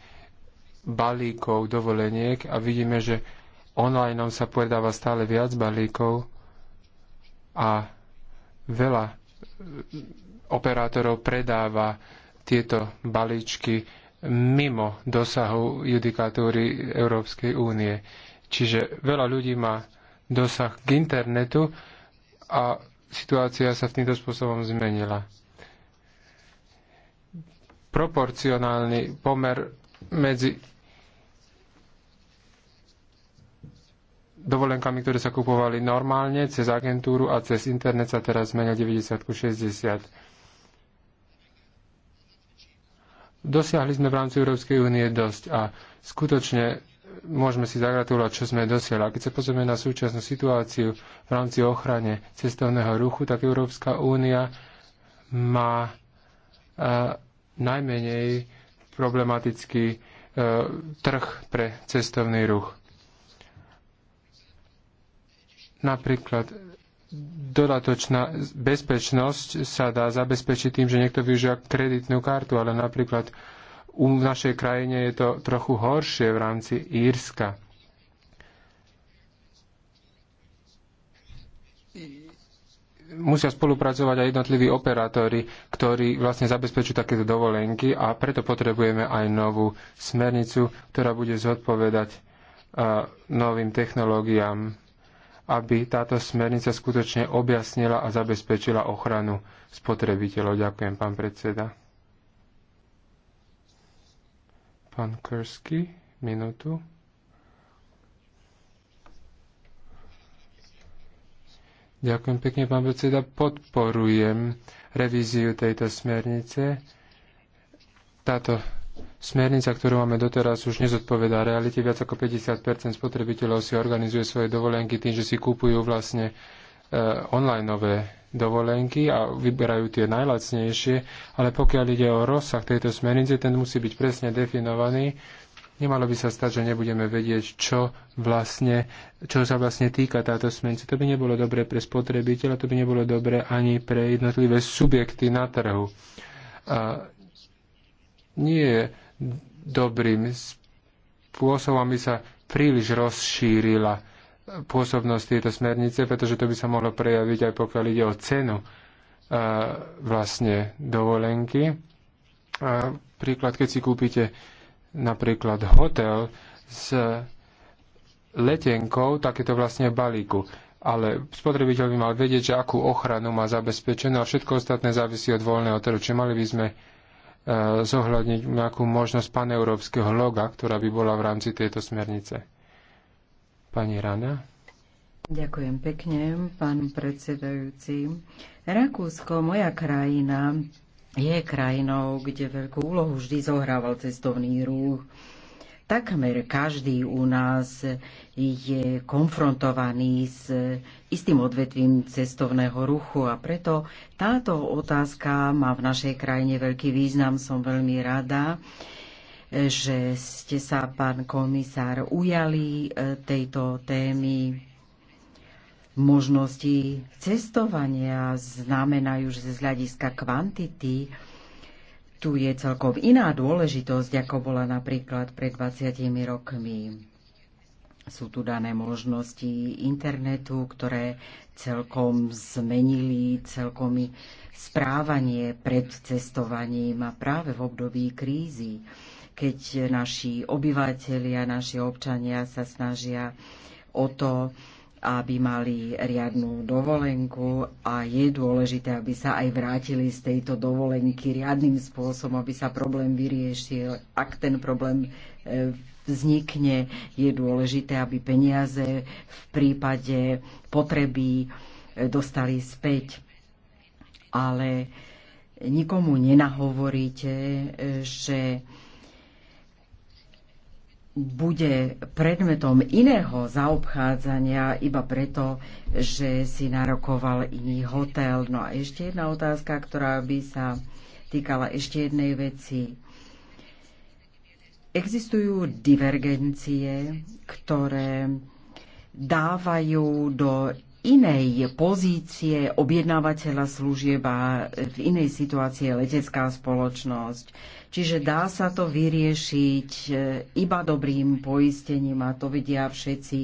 balíkov dovoleniek a vidíme, že online sa predáva stále viac balíkov a veľa operátorov predáva tieto balíčky mimo dosahu judikatúry Európskej únie. Čiže veľa ľudí má dosah k internetu a situácia sa týmto spôsobom zmenila. Proporcionálny pomer medzi dovolenkami, ktoré sa kupovali normálne cez agentúru a cez internet sa teraz zmenil 90 60 Dosiahli sme v rámci Európskej únie dosť a skutočne môžeme si zagratulovať, čo sme dosiahli. A keď sa pozrieme na súčasnú situáciu v rámci ochrane cestovného ruchu, tak Európska únia má e, najmenej problematický e, trh pre cestovný ruch. Napríklad dodatočná bezpečnosť sa dá zabezpečiť tým, že niekto využíva kreditnú kartu, ale napríklad u našej krajine je to trochu horšie v rámci Írska. musia spolupracovať aj jednotliví operátori, ktorí vlastne zabezpečujú takéto dovolenky a preto potrebujeme aj novú smernicu, ktorá bude zodpovedať novým technológiám aby táto smernica skutočne objasnila a zabezpečila ochranu spotrebiteľov. Ďakujem, pán predseda. Pán Kersky, minútu. Ďakujem pekne, pán predseda. Podporujem revíziu tejto smernice. Táto Smernica, ktorú máme doteraz, už nezodpovedá realite. Viac ako 50 spotrebiteľov si organizuje svoje dovolenky tým, že si kúpujú vlastne e, onlineové dovolenky a vyberajú tie najlacnejšie, ale pokiaľ ide o rozsah tejto smernice, ten musí byť presne definovaný. Nemalo by sa stať, že nebudeme vedieť, čo, vlastne, čo sa vlastne týka táto smernica. To by nebolo dobre pre spotrebiteľa, to by nebolo dobre ani pre jednotlivé subjekty na trhu. A nie je dobrým spôsobom, aby sa príliš rozšírila pôsobnosť tejto smernice, pretože to by sa mohlo prejaviť aj pokiaľ ide o cenu e, vlastne dovolenky. A príklad, keď si kúpite napríklad hotel s letenkou, tak je to vlastne balíku. Ale spotrebiteľ by mal vedieť, že akú ochranu má zabezpečenú a všetko ostatné závisí od voľného trhu. Čiže mali by sme E, zohľadniť nejakú možnosť paneurópskeho loga, ktorá by bola v rámci tejto smernice. Pani Rana. Ďakujem pekne, pán predsedajúci. Rakúsko, moja krajina, je krajinou, kde veľkú úlohu vždy zohrával cestovný ruch. Takmer každý u nás je konfrontovaný s istým odvetvím cestovného ruchu a preto táto otázka má v našej krajine veľký význam. Som veľmi rada, že ste sa, pán komisár, ujali e, tejto témy. Možnosti cestovania znamenajú, že z hľadiska kvantity tu je celkom iná dôležitosť, ako bola napríklad pred 20 rokmi. Sú tu dané možnosti internetu, ktoré celkom zmenili celkom správanie pred cestovaním a práve v období krízy, keď naši obyvateľia, naši občania sa snažia o to, aby mali riadnu dovolenku a je dôležité, aby sa aj vrátili z tejto dovolenky riadnym spôsobom, aby sa problém vyriešil. Ak ten problém e, vznikne, je dôležité, aby peniaze v prípade potreby e, dostali späť. Ale nikomu nenahovoríte, e, že bude predmetom iného zaobchádzania iba preto, že si narokoval iný hotel. No a ešte jedna otázka, ktorá by sa týkala ešte jednej veci. Existujú divergencie, ktoré dávajú do inej pozície objednávateľa služieb a v inej situácii letecká spoločnosť. Čiže dá sa to vyriešiť e, iba dobrým poistením a to vedia všetci,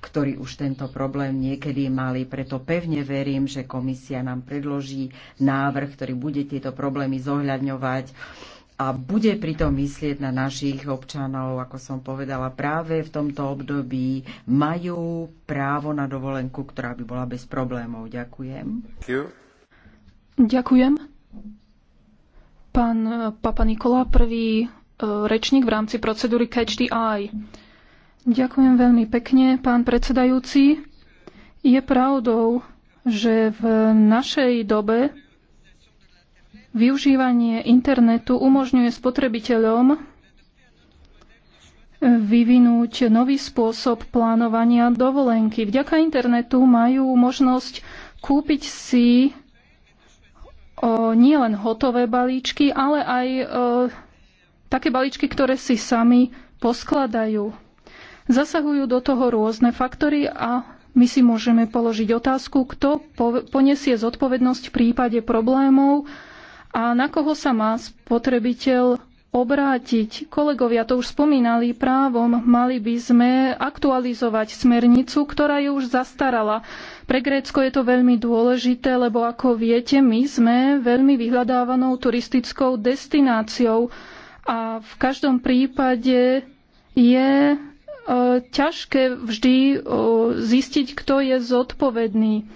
ktorí už tento problém niekedy mali. Preto pevne verím, že komisia nám predloží návrh, ktorý bude tieto problémy zohľadňovať a bude pritom myslieť na našich občanov, ako som povedala, práve v tomto období majú právo na dovolenku, ktorá by bola bez problémov. Ďakujem. Ďakujem. Pán eh, Papa Nikola, prvý eh, rečník v rámci procedúry Catch the Eye. Ďakujem veľmi pekne, pán predsedajúci. Je pravdou, že v našej dobe Využívanie internetu umožňuje spotrebiteľom vyvinúť nový spôsob plánovania dovolenky. Vďaka internetu majú možnosť kúpiť si nielen hotové balíčky, ale aj o, také balíčky, ktoré si sami poskladajú. Zasahujú do toho rôzne faktory a my si môžeme položiť otázku, kto poniesie zodpovednosť v prípade problémov, a na koho sa má spotrebiteľ obrátiť. Kolegovia to už spomínali právom, mali by sme aktualizovať smernicu, ktorá ju už zastarala. Pre Grécko je to veľmi dôležité, lebo ako viete, my sme veľmi vyhľadávanou turistickou destináciou a v každom prípade je e, ťažké vždy e, zistiť, kto je zodpovedný.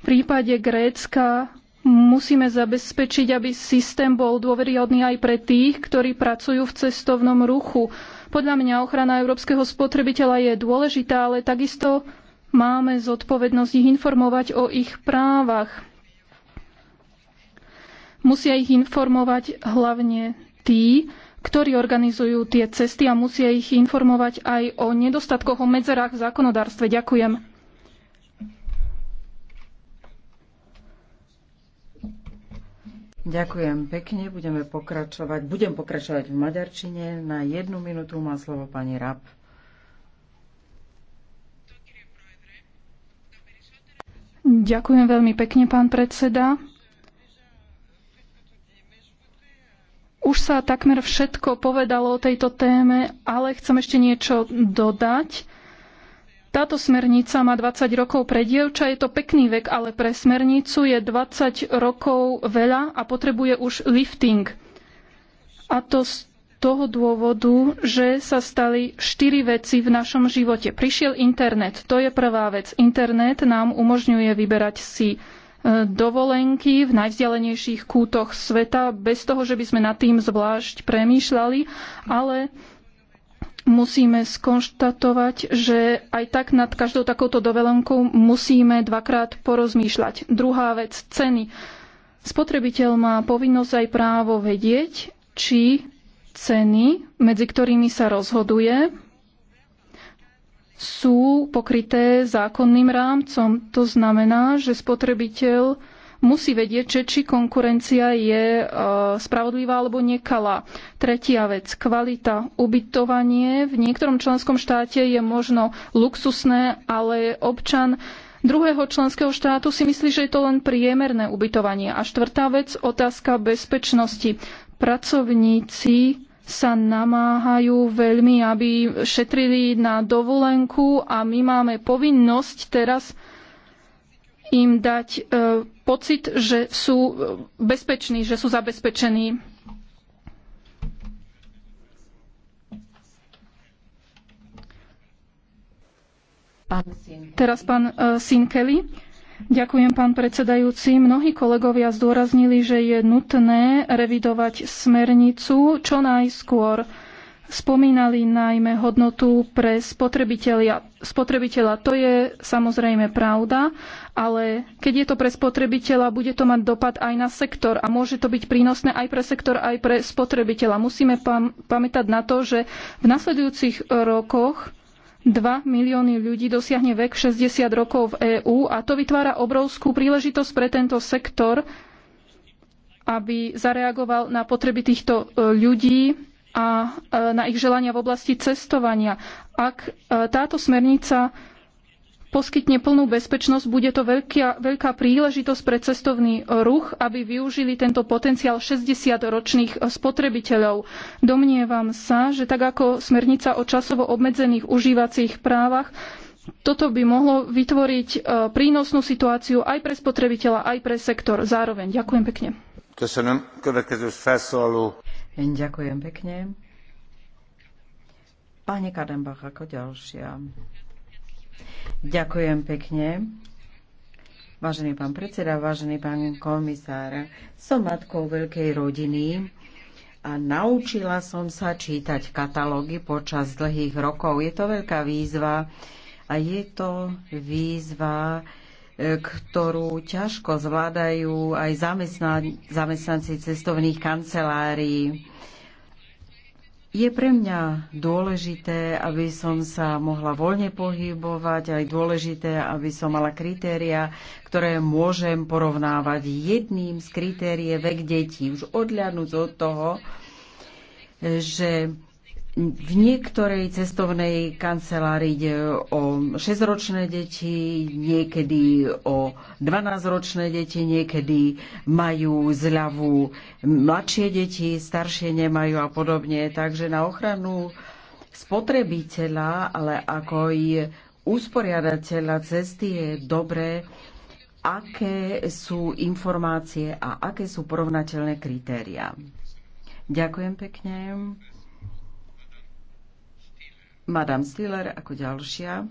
V prípade Grécka Musíme zabezpečiť, aby systém bol dôveryhodný aj pre tých, ktorí pracujú v cestovnom ruchu. Podľa mňa ochrana európskeho spotrebiteľa je dôležitá, ale takisto máme zodpovednosť ich informovať o ich právach. Musia ich informovať hlavne tí, ktorí organizujú tie cesty a musia ich informovať aj o nedostatkoch, o medzerách v zákonodárstve. Ďakujem. Ďakujem pekne, budeme pokračovať. Budem pokračovať v Maďarčine. Na jednu minútu má slovo pani Rab. Ďakujem veľmi pekne, pán predseda. Už sa takmer všetko povedalo o tejto téme, ale chcem ešte niečo dodať. Táto smernica má 20 rokov pre dievča, je to pekný vek, ale pre smernicu je 20 rokov veľa a potrebuje už lifting. A to z toho dôvodu, že sa stali štyri veci v našom živote. Prišiel internet, to je prvá vec. Internet nám umožňuje vyberať si e, dovolenky v najvzdialenejších kútoch sveta, bez toho, že by sme nad tým zvlášť premýšľali, ale musíme skonštatovať, že aj tak nad každou takouto dovolenkou musíme dvakrát porozmýšľať. Druhá vec, ceny. Spotrebiteľ má povinnosť aj právo vedieť, či ceny, medzi ktorými sa rozhoduje, sú pokryté zákonným rámcom. To znamená, že spotrebiteľ musí vedieť, že či konkurencia je e, spravodlivá alebo nekalá. Tretia vec, kvalita. Ubytovanie v niektorom členskom štáte je možno luxusné, ale občan druhého členského štátu si myslí, že je to len priemerné ubytovanie. A štvrtá vec, otázka bezpečnosti. Pracovníci sa namáhajú veľmi, aby šetrili na dovolenku a my máme povinnosť teraz im dať e, pocit, že sú e, bezpeční, že sú zabezpečení. Teraz pán e, Sinkeli. Ďakujem, pán predsedajúci. Mnohí kolegovia zdôraznili, že je nutné revidovať smernicu čo najskôr. Spomínali najmä hodnotu pre spotrebiteľa. spotrebiteľa. To je samozrejme pravda, ale keď je to pre spotrebiteľa, bude to mať dopad aj na sektor a môže to byť prínosné aj pre sektor, aj pre spotrebiteľa. Musíme pam- pamätať na to, že v nasledujúcich e, rokoch 2 milióny ľudí dosiahne vek 60 rokov v EÚ a to vytvára obrovskú príležitosť pre tento sektor, aby zareagoval na potreby týchto e, ľudí a e, na ich želania v oblasti cestovania. Ak táto smernica poskytne plnú bezpečnosť, bude to veľká, veľká príležitosť pre cestovný ruch, aby využili tento potenciál 60-ročných spotrebiteľov. Domnievam sa, že tak ako smernica o časovo obmedzených užívacích právach, toto by mohlo vytvoriť e, prínosnú situáciu aj pre spotrebiteľa, aj pre sektor zároveň. Ďakujem pekne. Ďakujem pekne. Pani Kadenbach ako ďalšia. Ďakujem pekne. Vážený pán predseda, vážený pán komisár, som matkou veľkej rodiny a naučila som sa čítať katalógy počas dlhých rokov. Je to veľká výzva a je to výzva, e, ktorú ťažko zvládajú aj zamestnanci cestovných kancelárií. Je pre mňa dôležité, aby som sa mohla voľne pohybovať, aj dôležité, aby som mala kritéria, ktoré môžem porovnávať. Jedným z kritérie vek detí, už odľadnúť od toho, že v niektorej cestovnej kancelárii ide o 6-ročné deti, niekedy o 12-ročné deti, niekedy majú zľavu mladšie deti, staršie nemajú a podobne. Takže na ochranu spotrebiteľa, ale ako i usporiadateľa cesty je dobré, aké sú informácie a aké sú porovnateľné kritéria. Ďakujem pekne. Madame Stiller ako ďalšia.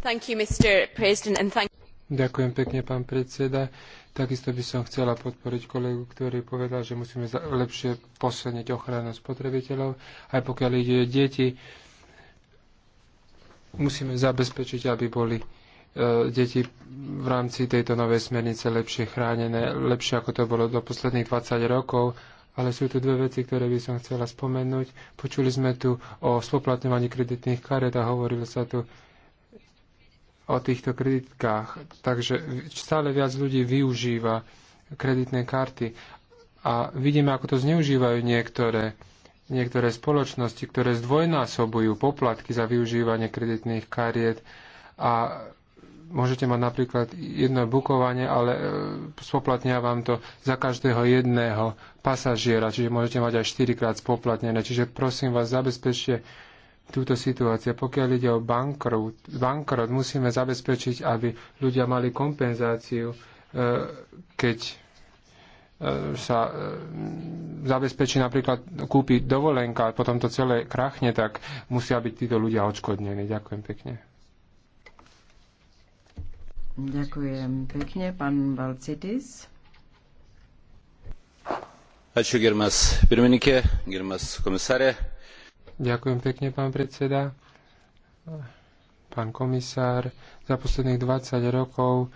Thank you, Mr. President, and thank... Ďakujem pekne, pán predseda. Takisto by som chcela podporiť kolegu, ktorý povedal, že musíme lepšie posilniť ochranu spotrebiteľov, aj pokiaľ ide o deti. Musíme zabezpečiť, aby boli e, deti v rámci tejto novej smernice lepšie chránené, lepšie ako to bolo do posledných 20 rokov ale sú tu dve veci, ktoré by som chcela spomenúť. Počuli sme tu o spoplatňovaní kreditných karet a hovorilo sa tu o týchto kreditkách. Takže stále viac ľudí využíva kreditné karty a vidíme, ako to zneužívajú niektoré, niektoré spoločnosti, ktoré zdvojnásobujú poplatky za využívanie kreditných kariet a môžete mať napríklad jedno bukovanie, ale e, spoplatnia vám to za každého jedného pasažiera, čiže môžete mať aj 4 krát spoplatnené. Čiže prosím vás, zabezpečte túto situáciu. Pokiaľ ide o bankrot, bankrot musíme zabezpečiť, aby ľudia mali kompenzáciu, e, keď e, sa zabezpečí napríklad kúpi dovolenka a potom to celé krachne, tak musia byť títo ľudia odškodnení. Ďakujem pekne. Ďakujem pekne, pán Valcitis. Ačiū, gerbiamas pirmininkė, gerbiamas komisarė. Ďakujem pekne, pán predseda. Pán komisár, za posledných 20 rokov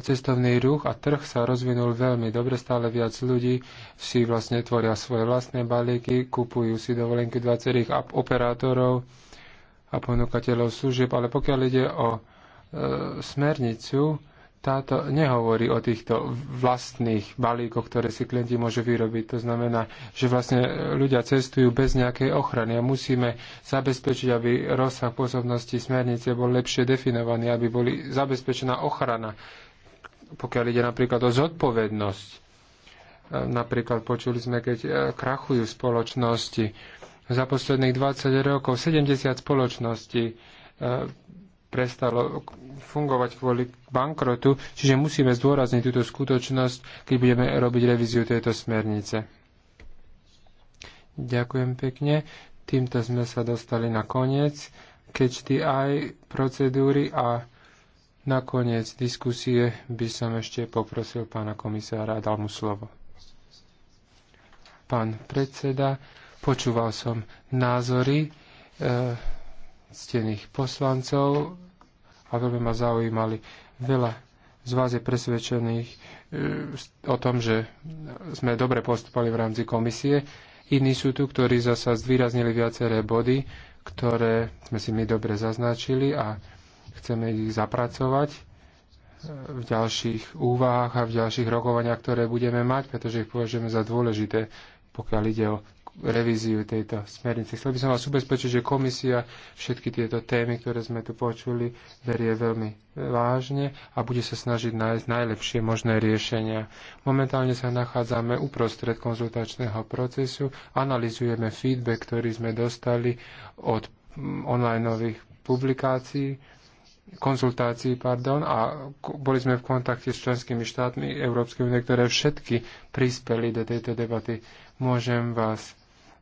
cestovný ruch a trh sa rozvinul veľmi dobre, stále viac ľudí si vlastne tvoria svoje vlastné balíky, kupujú si dovolenky 20 operátorov a ponúkateľov služieb, ale pokiaľ ide o E, smernicu, táto nehovorí o týchto vlastných balíkoch, ktoré si klienti môžu vyrobiť. To znamená, že vlastne ľudia cestujú bez nejakej ochrany a musíme zabezpečiť, aby rozsah pôsobnosti smernice bol lepšie definovaný, aby boli zabezpečená ochrana, pokiaľ ide napríklad o zodpovednosť. E, napríklad počuli sme, keď e, krachujú spoločnosti. Za posledných 20 rokov 70 spoločností prestalo fungovať kvôli bankrotu, čiže musíme zdôrazniť túto skutočnosť, keď budeme robiť revíziu tejto smernice. Ďakujem pekne. Týmto sme sa dostali na koniec aj procedúry a nakoniec diskusie by som ešte poprosil pána komisára a dal mu slovo. Pán predseda, počúval som názory. E, stených poslancov a veľmi ma zaujímali. Veľa z vás je presvedčených e, o tom, že sme dobre postupali v rámci komisie. Iní sú tu, ktorí zasa zvýraznili viaceré body, ktoré sme si my dobre zaznačili a chceme ich zapracovať e, v ďalších úvahách a v ďalších rokovaniach, ktoré budeme mať, pretože ich považujeme za dôležité, pokiaľ ide o revíziu tejto smernice. Chcel by som vás ubezpečiť, že komisia všetky tieto témy, ktoré sme tu počuli, berie veľmi vážne a bude sa snažiť nájsť najlepšie možné riešenia. Momentálne sa nachádzame uprostred konzultačného procesu, analizujeme feedback, ktorý sme dostali od online nových publikácií, konzultácií, pardon, a boli sme v kontakte s členskými štátmi Európskej únie, ktoré všetky prispeli do tejto debaty. Môžem vás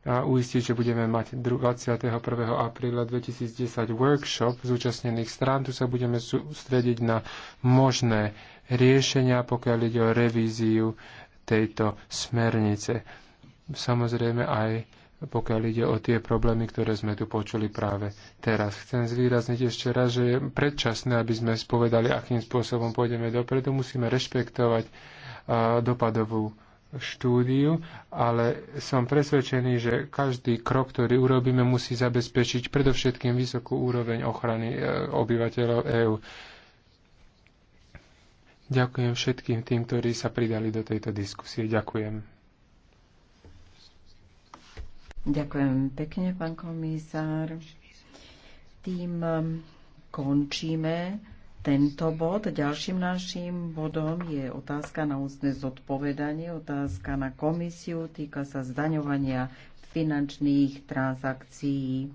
a uistiť, že budeme mať 21. apríla 2010 workshop zúčastnených strán. Tu sa budeme sústrediť na možné riešenia, pokiaľ ide o revíziu tejto smernice. Samozrejme aj pokiaľ ide o tie problémy, ktoré sme tu počuli práve teraz. Chcem zvýrazniť ešte raz, že je predčasné, aby sme spovedali, akým spôsobom pôjdeme dopredu. Musíme rešpektovať dopadovú štúdiu, ale som presvedčený, že každý krok, ktorý urobíme, musí zabezpečiť predovšetkým vysokú úroveň ochrany e, obyvateľov EÚ. Ďakujem všetkým tým, ktorí sa pridali do tejto diskusie. Ďakujem. Ďakujem pekne, pán komisár. Tým um, končíme tento bod. Ďalším našim bodom je otázka na ústne zodpovedanie, otázka na komisiu, týka sa zdaňovania finančných transakcií.